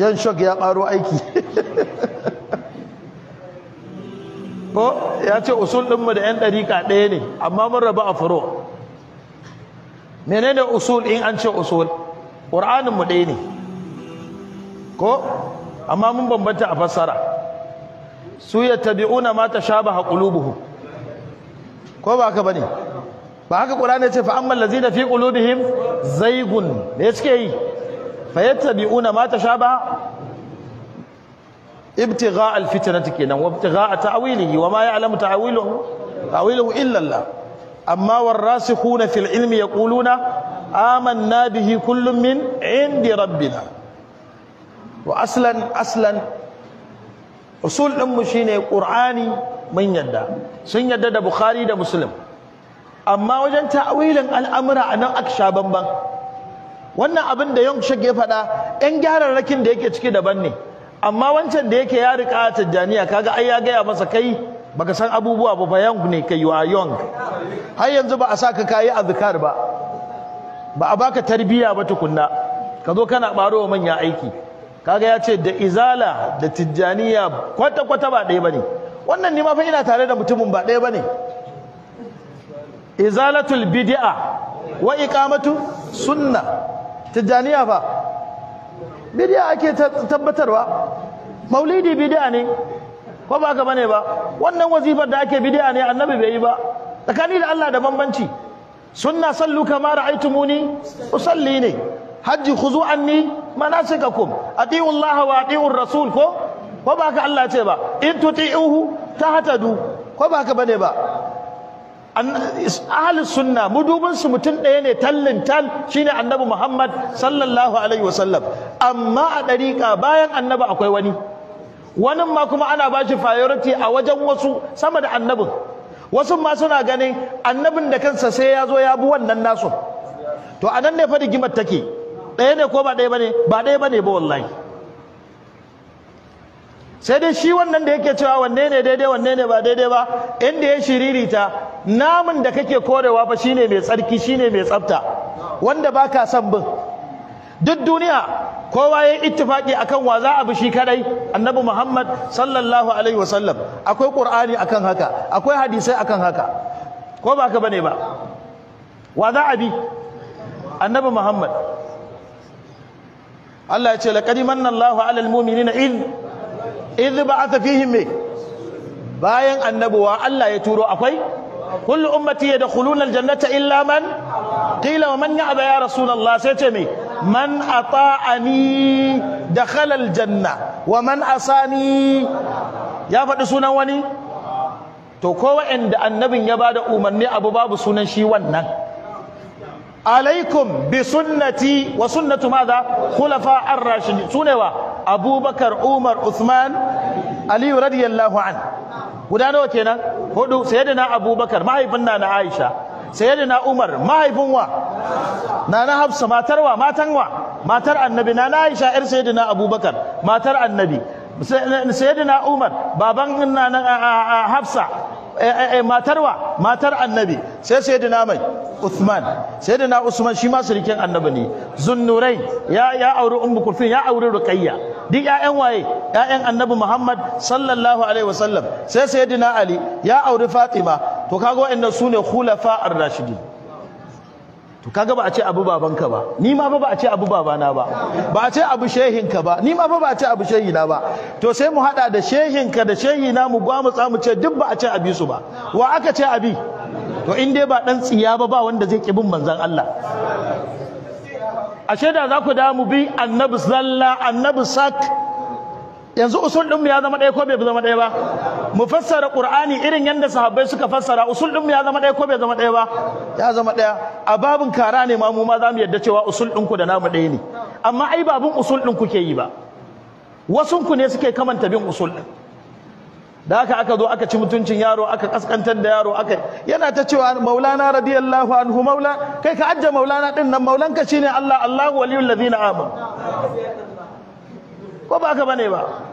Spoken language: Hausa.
yan shock ya ɓaro aiki ko ya ce usul ɗinmu da 'yan ɗariƙa ɗaya ne amma mun raba a furo menene usul in an ce usul ƙur'aninmu ɗaya ne ko amma mun bambanta a fassara su ya tabi'una ma ta sha ba haƙulubuhu ko ba haka ba ne ba haka ƙur'ani ce fa'amman lazina fi ƙulubihim zaigun me ya suke yi fayattabi'una ma tashabaha ibtigha alfitnati kenan wa ibtigha ta'wilihi wa ma ya'lamu ta'wiluhu ta'wiluhu illa Allah amma warasikhuna fil ilmi yaquluna amanna bihi kullum min indi rabbina wa aslan aslan usul din mu shine qur'ani mun yadda sun yadda da bukhari da muslim amma wajen ta'wilin al'amura anan aksha banban wannan abin da Yongshek ya faɗa yan gyararrakin da yake ciki daban ne amma wancan da yake ya riƙa Tijjaniya kaga ai ya gaya masa kai baka san abubuwa ba bayan ne kai wa Yong. har yanzu ba a saka kayi azkar ba ba a baka tarbiya ba tukunna ka zo kana baro manya aiki kaga ya ce da izala da Tijjaniya kwata kwata ba ɗaya bane wannan ni ma fa ina tare da mutumin ba ɗaya bane izalatul bid'a wa iqamatu sunna tijjaniya ba bidiya ake tabbatarwa maulidi bidiya ne ko ba ka bane ba wannan wazifar da ake bidiya ne annabi bai yi ba tsakani da Allah da bambanci sunna sallu kama ra'aytumuni usalli ne hajji khuzu anni manasikakum ati'u Allah wa ati'u rasul ko ko ba ka Allah ce ba in tuti'uhu tahtadu ko ba ka bane ba ahli sunna mudubin su mutum daya ne tallin tal shine annabi Muhammad sallallahu alaihi wasallam amma a dariqa bayan annabi akwai wani wani ma kuma ana bashi priority a wajen wasu sama da annabin wasu ma suna ganin annabin da kansa sai ya zo ya bu wannan nasu to anan ne fa rigimar take daya ne ko ba daya bane ba daya bane ba wallahi sai dai shi wannan da yake cewa wanne ne daidai wanne ne ba daidai ba inda ya shiririta namun da kake korewa fa shine mai tsarki shine mai tsafta wanda baka son bin duk duniya kowa ya ittifaki akan wa za a bi shi kadai annabi Muhammad sallallahu alaihi wasallam akwai qur'ani akan haka akwai hadisai akan haka ko ba ka bane ba wa za a bi annabi Muhammad Allah ya ce laqad manna Allahu alal mu'minina id id ba'atha fihim bayan annabuwa Allah ya turo akwai kullu ummati yadkhuluna aljannata illa man qila wa man ya'ba ya rasulullah sai ce me man ata'ani dakhala aljanna wa man asani ya faɗi sunan wani to ko wa'anda annabin ya bada umarni abu babu sunan shi wannan alaikum bi sunnati wa sunnatu madha khulafa ar-rashidin sunewa abubakar umar uthman ali radiyallahu anhu guda nawa kenan hudu sayyidina abubakar mahaifin na aisha sayyidina umar mahaifin wa nana hafsa matar wa matan wa matar annabi nana aisha yar sayyidina abubakar matar annabi sayyidina umar baban nana hafsa eh, eh, eh, matar wa matar annabi sai sayyidina mai Uthman sayyidina Usman shi ma surikin annabi ne Zunnurai ya ya auri Ummu Kulthum ya auri Ruqayya duk ƴaƴan waye ƴaƴan annabi Muhammad sallallahu alaihi wasallam sai sayyidina Ali ya auri Fatima to kaga wa'annan sune khulafa ar-rashidin to kaga ba a ce abu babanka ba ni ma ba ba a ce abu babana ba ba a ce abu shehinka ba ni ma ba a ce abu shehina ba to sai mu hada da shehinka da shehina mu gwamutsa mu ce duk ba a ce abi su ba wa aka ce abi to in dai ba dan tsiya ba ba wanda zai ki bin manzon Allah ashe da za ku da mu bi annabi sallah annabi sak yanzu usul din ya zama ɗaya ko bai zama ɗaya ba mu fassara qur'ani irin yanda sahabbai suka fassara usul din ya zama ɗaya ko bai zama ɗaya ba ya zama ɗaya a babin kara ne ma mu ma zamu yadda cewa usul din ku da namu ɗaya ne amma ai babin usul din ku ke yi ba wasun ku ne suke kamanta bin usul din da haka aka zo aka ci mutuncin yaro aka kaskantar da yaro aka yana ta cewa maulana radiyallahu anhu maula kai ka ajje maulana din nan maulanka shine Allah Allahu waliyul ladina amanu ko ba ka bane ba